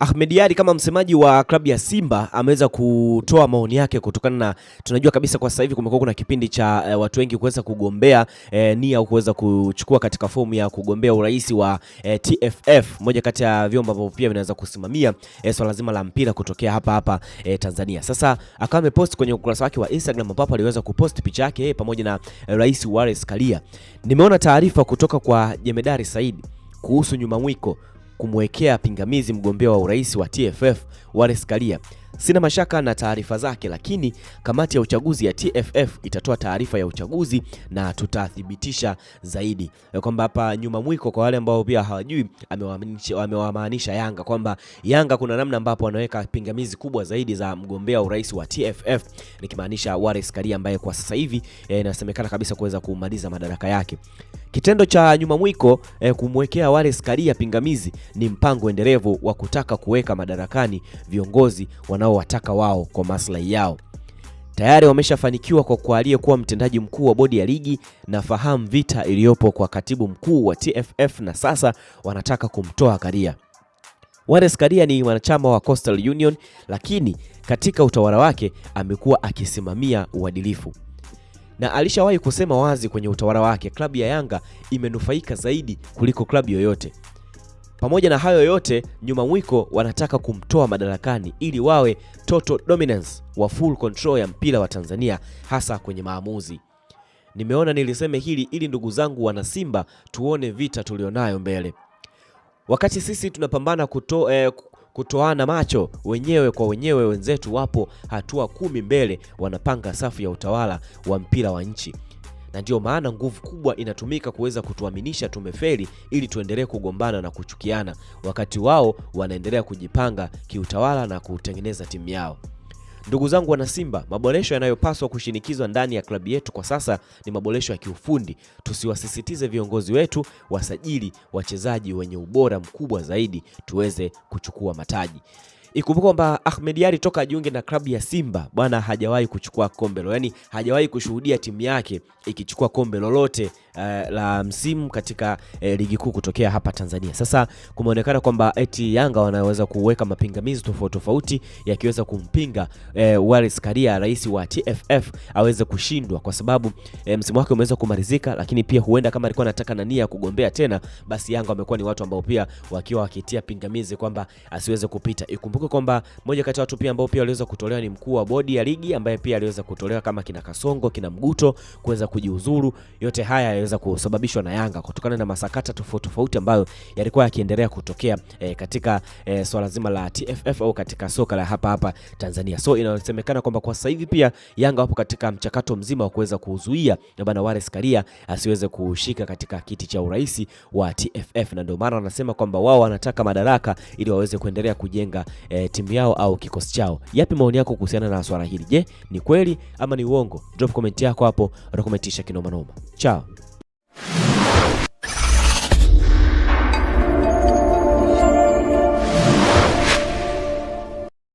Ahmed Ally kama msemaji wa klabu ya Simba ameweza kutoa maoni yake kutokana na, tunajua kabisa kwa sasa hivi kumekuwa kuna kipindi cha e, watu wengi kuweza kugombea e, nia au kuweza kuchukua katika fomu ya kugombea urais wa e, eh, TFF, moja kati ya vyombo ambavyo pia vinaweza kusimamia e, swala zima la mpira kutokea hapa hapa e, Tanzania. Sasa akawa amepost kwenye ukurasa wake wa Instagram ambapo aliweza kupost picha yake e, pamoja na e, Rais Wallace Karia. Nimeona taarifa kutoka kwa Jemedari Said kuhusu nyumamwiko kumwekea pingamizi mgombea wa urais wa TFF Wallace Karia Sina mashaka na taarifa zake, lakini kamati ya uchaguzi ya TFF itatoa taarifa ya uchaguzi na tutathibitisha zaidi kwamba hapa nyuma mwiko. Kwa wale ambao pia hawajui, amewamaanisha Yanga kwamba Yanga kuna namna ambapo wanaweka pingamizi kubwa zaidi za mgombea urais wa TFF, nikimaanisha Wallace Karia ambaye kwa sasa hivi eh, inasemekana kabisa kuweza kumaliza madaraka yake. Kitendo cha nyuma mwiko eh, kumwekea Wallace Karia pingamizi ni mpango endelevu wa kutaka kuweka madarakani viongozi wana wanaowataka wao kwa maslahi yao. Tayari wameshafanikiwa kwa kualia kuwa mtendaji mkuu wa bodi ya ligi na fahamu vita iliyopo kwa katibu mkuu wa TFF na sasa wanataka kumtoa Karia. Wallace Karia ni mwanachama wa Coastal Union lakini katika utawala wake amekuwa akisimamia uadilifu na alishawahi kusema wazi kwenye utawala wake klabu ya Yanga imenufaika zaidi kuliko klabu yoyote. Pamoja na hayo yote, nyuma mwiko wanataka kumtoa madarakani ili wawe total dominance wa full control ya mpira wa Tanzania, hasa kwenye maamuzi. Nimeona niliseme hili ili ndugu zangu wana Simba tuone vita tulionayo mbele. Wakati sisi tunapambana kuto, eh, kutoana macho wenyewe kwa wenyewe, wenzetu wapo hatua kumi mbele, wanapanga safu ya utawala wa mpira wa nchi na ndiyo maana nguvu kubwa inatumika kuweza kutuaminisha tumefeli, ili tuendelee kugombana na kuchukiana, wakati wao wanaendelea kujipanga kiutawala na kutengeneza timu yao. Ndugu zangu wana Simba, maboresho yanayopaswa kushinikizwa ndani ya klabu yetu kwa sasa ni maboresho ya kiufundi. Tusiwasisitize viongozi wetu wasajili wachezaji wenye ubora mkubwa zaidi tuweze kuchukua mataji. Ikumbuka kwamba Ahmed Ally toka ajiunge na klabu ya Simba bwana, hajawahi kuchukua kombe lolote, yani hajawahi kushuhudia timu yake ikichukua kombe lolote uh, la msimu katika uh, ligi kuu kutokea hapa Tanzania. Sasa kumeonekana kwamba eti Yanga wanaweza kuweka mapingamizi tofauti tofauti yakiweza kumpinga uh, Wallace Karia, rais wa TFF aweze kushindwa kwa sababu uh, msimu wake umeweza kumalizika, lakini pia huenda kama alikuwa anataka na nia ya kugombea tena, basi Yanga wamekuwa ni watu ambao pia wakiwa wakitia pingamizi kwamba asiweze kupita. Ikumbuka Ikumbukwe kwamba moja kati ya watu pia ambao pia waliweza kutolewa ni mkuu wa bodi ya ligi ambaye pia aliweza kutolewa kama kina Kasongo, kina Mguto kuweza kujiuzuru. Yote haya yaliweza kusababishwa na Yanga kutokana na masakata tofauti tofauti ambayo yalikuwa yakiendelea kutokea e, katika e, swala zima la TFF au katika soka la hapa hapa Tanzania. So inasemekana kwamba kwa sasa hivi pia Yanga wapo katika mchakato mzima wa kuweza kuzuia bwana Wallace Karia asiweze kushika katika kiti cha urais wa TFF, na ndio maana wanasema kwamba wao wanataka madaraka ili waweze kuendelea kujenga e, e, timu yao au kikosi chao. Yapi maoni yako kuhusiana na swala hili? Je, ni kweli ama ni uongo? Drop comment yako hapo, utakomentisha kinoma noma. Ciao.